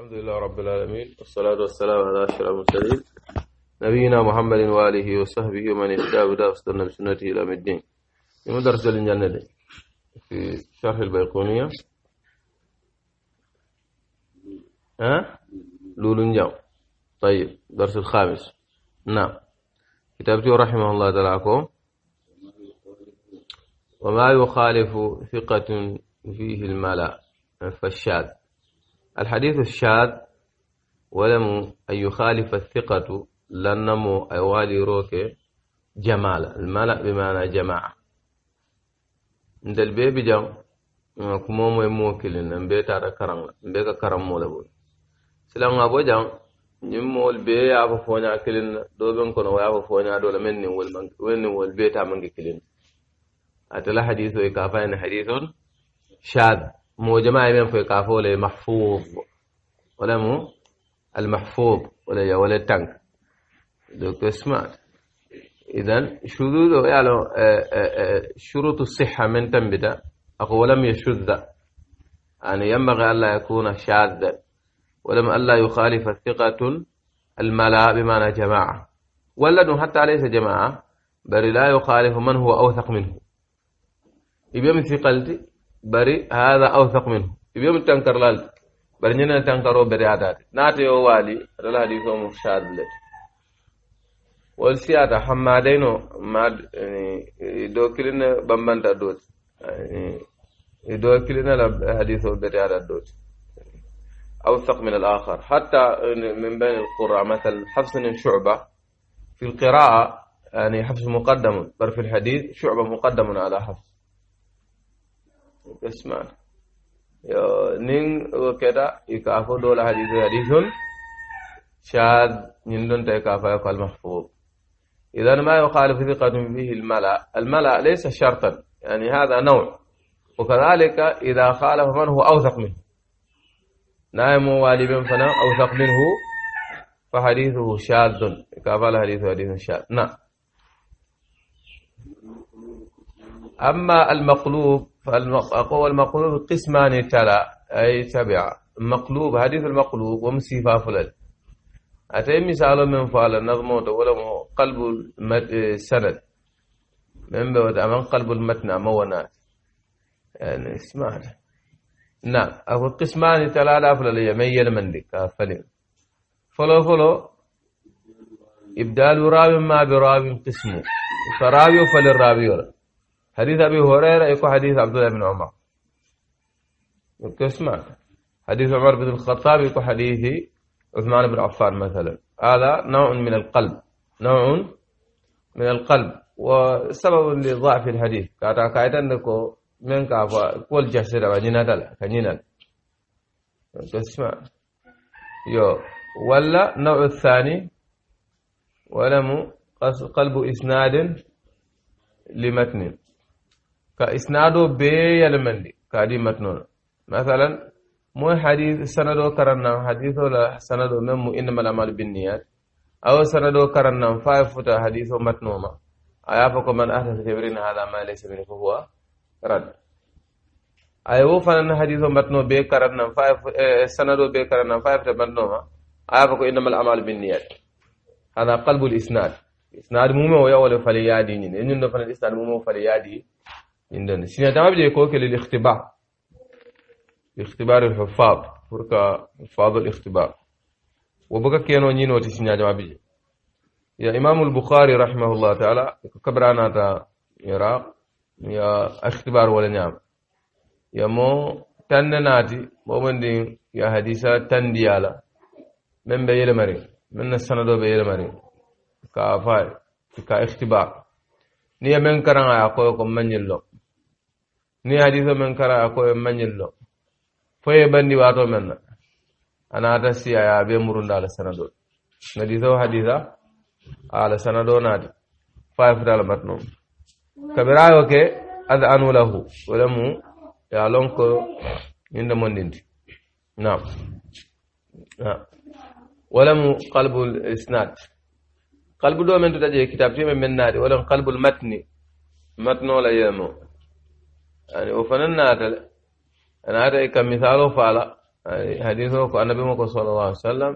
الحمد لله رب العالمين والصلاة والسلام على أشرف المرسلين نبينا محمد وآله وصحبه ومن اهتدى بهداه واستنى بسنته إلى يوم الدين في مدرسة الجنة في شرح البيقونية ها لولو جاو طيب درس الخامس نعم كتابته رحمه الله تعالى وما يخالف ثقة فيه الملأ فالشاذ الحديث الشاذ ولم أن يخالف الثقة لنمو أوالي روكي جمالا الملأ بمعنى جماعة عند البيبي جم كموم موكلين مبيت على كرم مبيت كرم مولبون سلام أبو جم ñimmol be yaafo foña kilinna ɗo ɓen kono o yaafo foña ɗo la men nin wol wen nin wol be tamange kilinna atala hadis o e ka fayne hadis on shad مو جماعة من في كافولة محفوظ ولا مو المحفوظ ولا ولا تانك دكتور اسمع إذا شروط يعني آه، آه، آه، شروط الصحة من بدا أقول لم يشذ يعني ينبغي ألا يكون شاذا ولم ألا يخالف ثقة الملا بمعنى جماعة ولد حتى ليس جماعة بل لا يخالف من هو أوثق منه يبقى من ثقلتي بري هذا أوثق منه يبيهم تنكر لال بري نينا تنكروا بري عداد ناتي هو والي رلا دي هو شاد لك والسيادة حمادينو ماد يعني دو كلين بمبان تدوت يعني دو كلين الحديث بري عداد دوت أوثق من الآخر حتى من بين القراء مثل حفص بن شعبة في القراءة يعني حفص مقدم بر في الحديث شعبة مقدم على حفص قسمان نين وكذا يكافو دول حديث حديث شاذ نندن تكافا يقال محفوظ إذا ما يخالف ثقة به الملأ الملأ ليس شرطا يعني هذا نوع وكذلك إذا خالف من هو أوثق منه نائم والب فنا أوثق منه فحديثه شاذ كافال حديث حديث شاذ نعم أما المقلوب فالمقلوب المقلوب قسمان تلا أي تبع مقلوب حديث المقلوب ومسي فلل أتي مثال من فعل نظمه ولا قلب السند من بود أمام قلب المتن مونا يعني اسمع نعم أو قسمان تلا لا فلل يمي من لك فلو فلو إبدال راب ما براب قسمه فراوي فللراوي ولا حديث أبي هريرة يكون حديث عبد الله بن عمر يمكن حديث عمر بن الخطاب يكون حديث عثمان بن عفان مثلا هذا نوع من القلب نوع من القلب والسبب لضعف الحديث كاتا كايتا نكو من كافا كل جسر وجنا دل كنينا تسمع يو ولا النوع الثاني ولم قلب إسناد لمتن ka isnado be yalmandi kadi matnono mathalan moy hadith sanado karannan haditho la sanado mem mu innamal amalu binniyat awo sanado karannan fa futa haditho matnoma aya fa ko man ahdasa fi amrina hadha ma laysa minhu fa huwa rad aya wo fanan haditho matno be karannan fa sanado be karannan fa futa matnoma aya fa ko innamal amalu binniyat hada qalbu al isnad isnad mumo yawle fali yadi ni ñun do fanan isnad mumo fali yadi عندنا سنة ما بدي يكون للاختبار اختبار الحفاظ فرقة حفاظ الاختبار وبقى كينو نينو تسنة ما بيجي يا امام البخاري رحمه الله تعالى كبرانا تا يراق يا اختبار ولا نعم يا مو تنناتي مو من يا حديثا تنديالا من بيل مري من السنة دو بيل مري كافاي كاختبار نيا من كران يا كو من يلو ni hadiso men kara ko en mañillo fo ye bandi wato men na anata siyaya be murunda ala sanadol nadiso hadisa ala sanado naati faye futala matnoom kabirayo ke ad anu lahu wolemu ya lon ko ñinde mondinti nam ولم قلب الاسناد قلب دو من تدجي كتاب تيمن من نادي ولم قلب المتن متن ولا يمو يعني وفنن ناتل أنا هذا كمثال فعل يعني حديثه عن النبي صلى الله عليه وسلم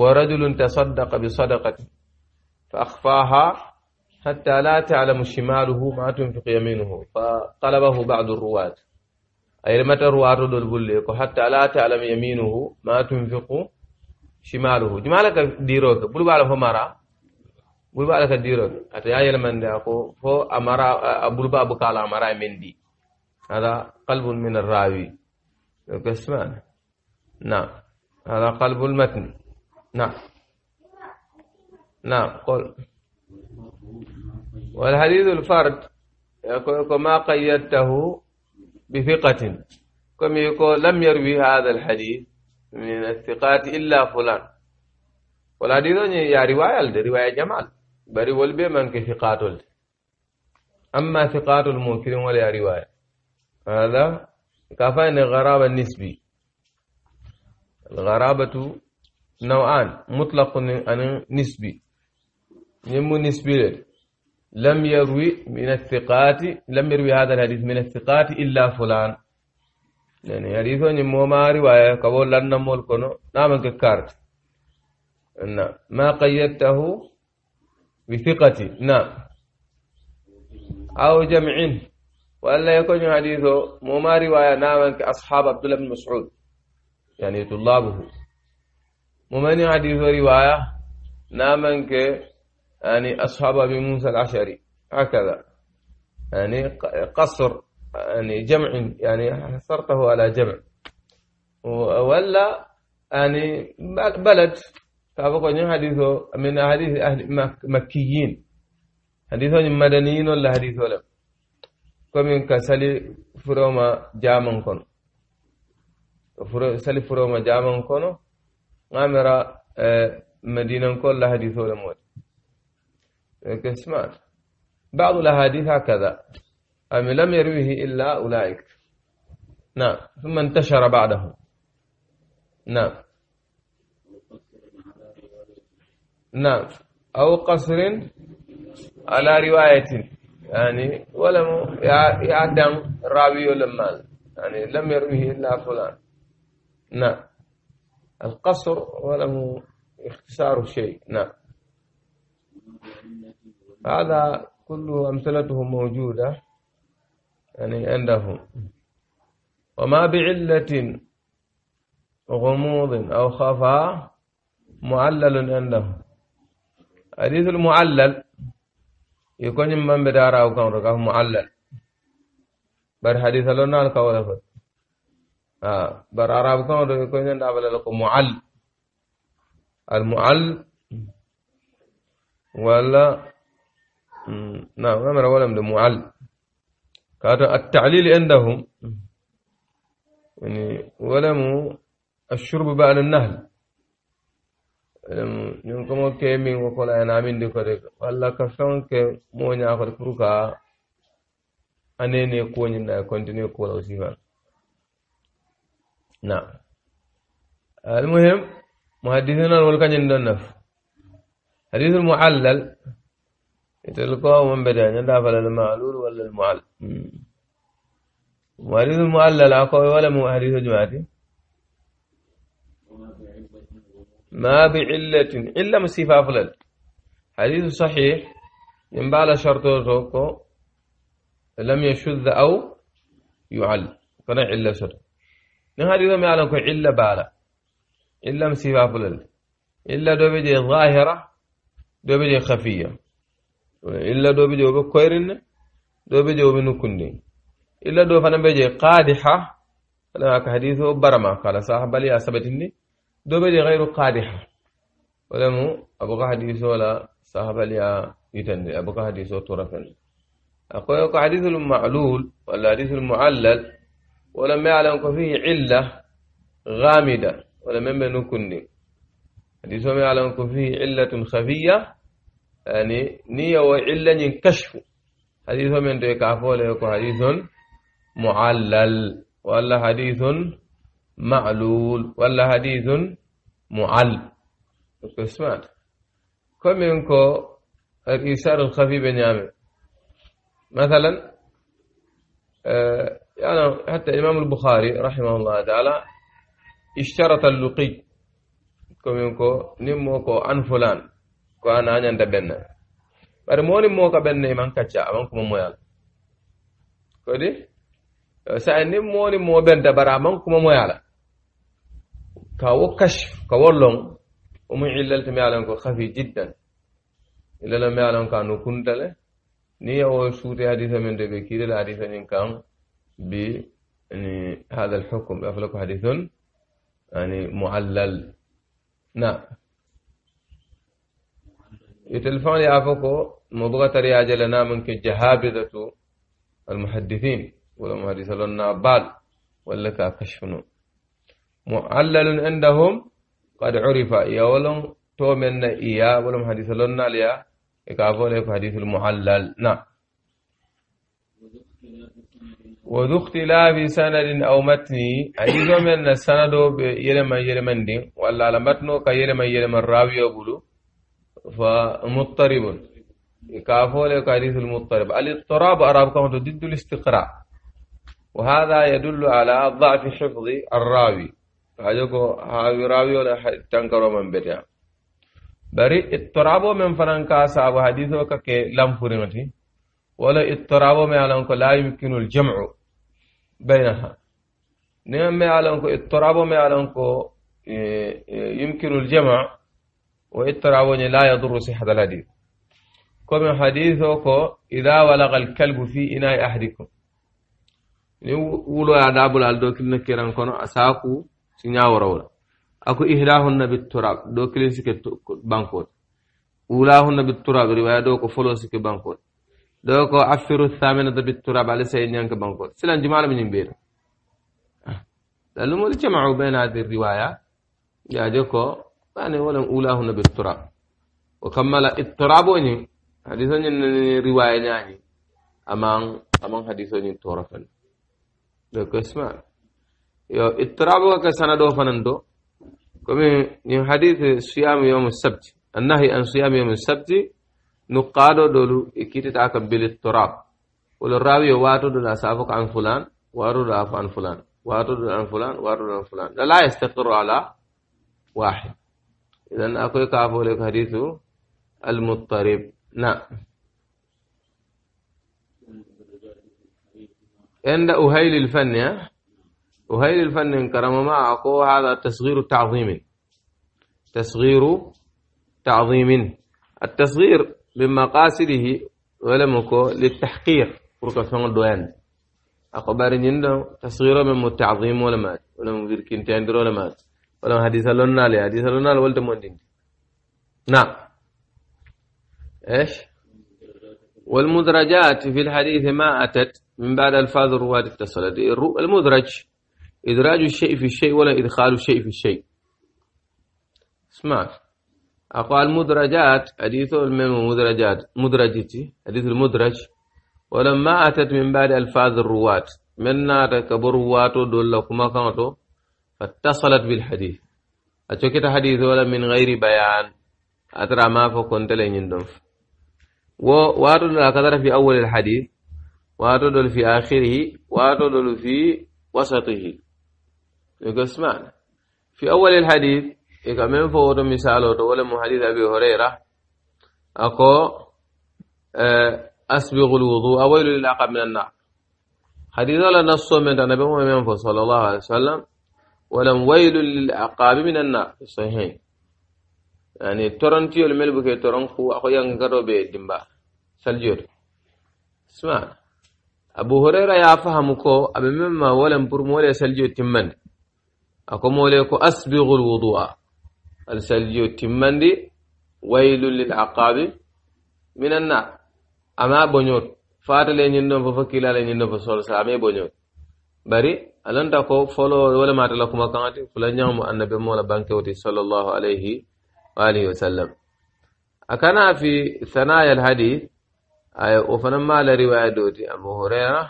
ورجل تصدق بصدقة فأخفاها حتى لا تعلم شماله ما تنفق يمينه فطلبه بعض الرواة أي متى الرواة دول حتى لا تعلم يمينه ما تنفق شماله جمالك ديروك بلو بعلم همارا bulba ala ka diron ata ya yelmande ako fo amara a bulba bu kala amara men هذا قلب من الراوي قسمان نعم هذا قلب المتن نعم نعم قل والحديث الفرد كما قيدته بثقة كم يقول لم يروي هذا الحديث من الثقات إلا فلان والحديث يا رواية رواية جمال bari wol be manke siqatol amma siqatol munkirin wala ya riwaya hada kafani gharaba nisbi الغرابة نوعان مطلق عن نسبي يمو نسبي لم يروي من الثقات لم يروي هذا الحديث من الثقات إلا فلان يعني حديث يمو ما رواية قبول لنا مول كنو نعم كارت ما قيدته بثقة نعم أو جمع وألا يكون حديثه مما رواية نعم كأصحاب عبد الله بن مسعود يعني طلابه مما نعم حديثه رواية نعم ك يعني أصحاب أبي موسى العشري هكذا يعني قصر يعني جمع يعني حصرته على جمع ولا يعني بلد سابقا حديثه من أحاديث أهل مكيين من مدنيين ولا حديثهم komin ka sali furoma jaman سالي فروما جامن كون غامرا مدينة كون لا moti لهم smart بعض الأحاديث هكذا أم لم يرويه إلا أولئك نعم ثم انتشر بعدهم نعم نعم أو قصر على رواية يعني ولم يعدم الراوي لمال يعني لم يرويه إلا فلان نعم القصر ولم اختصار شيء نعم هذا كل أمثلته موجودة يعني عندهم وما بعلة غموض أو خفاء معلل عندهم حديث المعلل يكون من بدار أو كان ركاه معلل بر حديث لنا الكولا فت آه بر عرب كان يكون دابل لكم معل المعل ولا نعم أمر من معل كان التعليل عندهم يعني ولم الشرب بعد النهل ñun ko mo ke min ko kola na min di ko de walla ka fɛn kɛ mo nya ko pour ka anene ko ni na continue ko la aussi na المهم محدثنا الولكان يندنف حديث المعلل يتلقاه من بدأ ندافع المعلول ولا المعلل وحديث المعلل أقوى ولا محدث جماعتي ما بعلة إلا مسيفا فلل حديث صحيح ينبال شرطه لم يشذ أو يعل فنع إلا شرط نهاري يوم يعلم إلا بالا إلا مسيفا فلل إلا دو بدي ظاهرة دو بدي خفية إلا دو بدي وبكويرن دو بدي إلا دو فنبجي قادحة لما حديثه برما قال صاحب لي أثبتني دو بدي غير قادحة ولم أبو حديث ولا صاحب لها يتن أبقى حديث طرفن أقول حديث المعلول ولا حديث المعلل ولم يعلم فيه علة غامدة ولم يمنو كني حديث ما يعلم فيه علة خفية يعني نية وعلة ينكشف حديث من ذلك عفوا حديث معلل ولا حديث معلول ولا حديث معل اسمعت كم ينكو الإيسار الخفي بن يامر مثلا آه، يعني حتى الإمام البخاري رحمه الله تعالى اشترط اللقي كم ينكو نموكو عن فلان كوانا عن دبنا bari موكا moo ka benne iman kacca aman كودي سأني موني مو ni برا moo benta كاو كشف كاو لون كولون ومن عللت كو خفي جدا إلا لم يعلم كانوا كندله ني أو سورة حديث من دبي كيد الحديث إن كان ب يعني هذا الحكم أفلك حديث يعني معلل نا نعم. يتلفون يعفوكو مبغة رياجة لنا من جهابذة المحدثين ولا محدثة لنا بال ولا كشفنون معلل عندهم قد عرف يولم تومن يا ولم حديث لنا ليا إكافول في حديث المعلل نعم وذو اختلاف سند أو متن حديث من السند يلما يلمن دين ولا على متنه كيلما يلمن راوي يقولوا فمضطرب كافول حديث المضطرب الاضطراب أراب كما ضد الاستقراء وهذا يدل على ضعف حفظ الراوي hajo ko hawirawiyola tankaroman beteya bari ittorabo men fanan ka saabu hadise o ka ke lamfuriŋoti wala ittorabo me alan ko la yumkinu ljamcu baynaha niŋ me alan ko ittorabo me alan ko yumkinu ljamac wo ittorabo ñe la yaduru sihata lhadis komin hadise o ko ida walaga alkalbu fi inai ahadikum niŋ wulo ye a daabula al do kilina kiran kono a saaku سنعورا أكو إهلاهن بالتراب دو كلينسك بانكوت أولاهن بالتراب رواية دوكو فلوسك بانكوت دوكو أفر الثامنة بالتراب على سيدنا بانكوت سلان جمال من ينبير لأنهم جمعوا بين هذه الرواية يا جوكو يعني ولم أولاهن بالتراب وكمل التراب وني حديثا رواية يعني أمان أمان حديثا تورفن دوكو اسمع yo اضطرابك كسندو فنندو كمي من حديث صيام يوم السبت النهي عن صيام يوم السبت نقادو دولو إكيتي تاكا بالاضطراب والراوي واتو دولا أصابك عن فلان واتو دول عن فلان واتو دولا عن فلان واتو دول عن فلان لا يستقر على واحد إذا أكو كافو لك حديث المضطرب نعم عند أهيل الفن يا وهي الفن انكرم ما أقوى هذا تصغير تعظيم تصغير تعظيم التصغير بمقاصده ولمكو للتحقير بركة فن دوان أخبار جنده تصغير من التعظيم ولا مات ولا مذكر تندر ولا مات ولا حديث لنا لا حديث لنا ولا تمون نعم ايش والمدرجات في الحديث ما أتت من بعد الفاظ الرواد اتصلت المدرج إدراج الشيء في الشيء ولا إدخال الشيء في الشيء اسمع أقوال مدرجات حديث المدرجات مدرجات مدرجتي حديث المدرج ولما أتت من بعد ألفاظ الرواة من نارك رواة دول كما كمتو فاتصلت بالحديث أتوكيت حديث ولا من غير بيان أترى ما فكنت لين دنف وواتدل أكثر في أول الحديث دول في آخره دول في وسطه يقول اسمعنا في أول الحديث يقول من فوض مثال ولم حديث أبي هريرة أقو أسبغ الوضوء ويل للعقب من النار حديث الله نص من النبي محمد صلى الله عليه وسلم ولم ويل للعقاب من النار صحيح يعني تورنتي الملب كي تورنكو أخو ينكرو بدمبا سلجور اسمع أبو هريرة يا فهمكو أبي مما ولم برمولي سلجور تمند أكمل لكم أسبغ الوضوء السلجي التمندي ويل للعقاب من النار أما بنيوت فات لين ينوف فكيلا لين ينوف ينن فصول سلامي بنيوت بري ألن كو فولو ولا ما تلكم كانت فلان يوم النبي مولى بانكوتي صلى الله عليه وآله وسلم أكنا في ثنايا الحديث أي وفنما لرواية دوتي أبو هريرة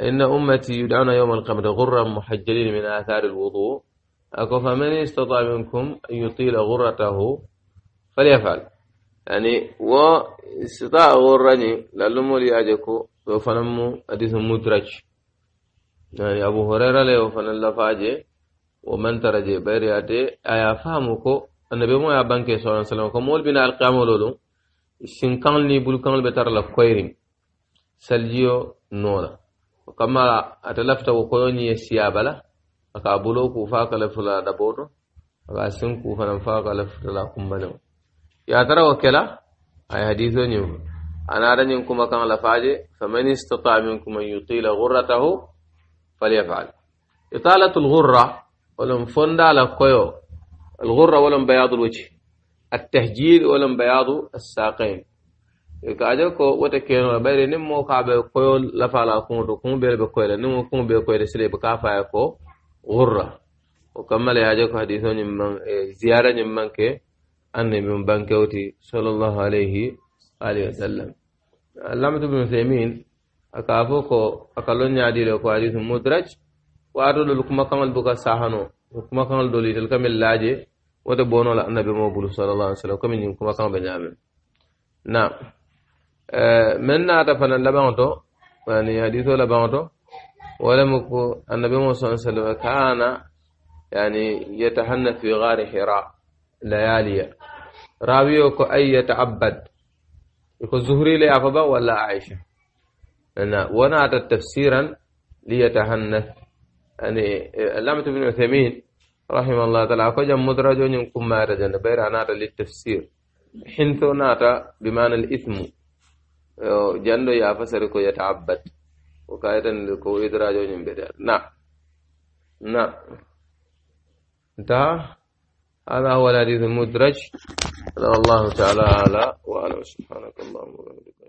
إن أمتي يدعون يوم القيامة غرا محجلين من آثار الوضوء أكو فمن استطاع منكم أن يطيل غرته فليفعل يعني واستطاع غرني لألمو أجكو وفنمو أديث مدرج يعني أبو هريرة لي وفن الله فاجي ومن ترجي بيرياتي أيا فهمكو النبي مو يا بانكي صلى الله عليه وسلم كمول بنا القيامة لولو سنكان لي بلقان لبتر لكويرين سلجيو نورا kama atalafta lafta wo koyoni ye siyabala aka bulo ku fa kala fula da boto aka sin ku fa fa kala fula kumbalo ya tara wa kala ay hadithu ni ana da nyin kuma kan la faje faman istata minkum an yutila ghurratahu falyaf'al italatu al-ghurra ولم فندا لكويو الغرة ولم بياض الوجه التهجير ولم بياض الساقين kajo ko wote keno bayre nim mo ka be koyo la fala ko to ko be be koyle nim ko be koyle sile be ka fa ko gurra o kamale hajo ko hadiso nim man ziyara nim manke anne min bankewti sallallahu alayhi alihi wasallam allamatu bin usaymin aka fo ko akalon ñaadire ko hadisu mudraj waatolol kuma kaŋol buka sahano kuma kaŋol dolitel kamin laaje wote bonola annabi mo bulu sallallahu alaihi wasallam kamin ñin kuma kaŋo be ñaamen naam من ناتا فانا لبانتو يعني حديثو لبانتو ولمكو النبي صلى الله عليه وسلم كان يعني يتحنث في غار حراء ليالي رابيوك أي يتعبد يكو زهري لي أفبا ولا عائشة أنا ونعت تفسيرا ليتحنث يعني علامة ابن عثيمين رحمه الله تعالى أكو جم مدرج ونكم ما رجل بير نعت للتفسير حنث نعت بمعنى الإثم jando ya fasari ko yata'abbad ko kayitan ko idrajoñum mbiyete na na انتهى هذا هو الحديث المدرج والله تعالى أعلى وأنا سبحانك اللهم وبحمدك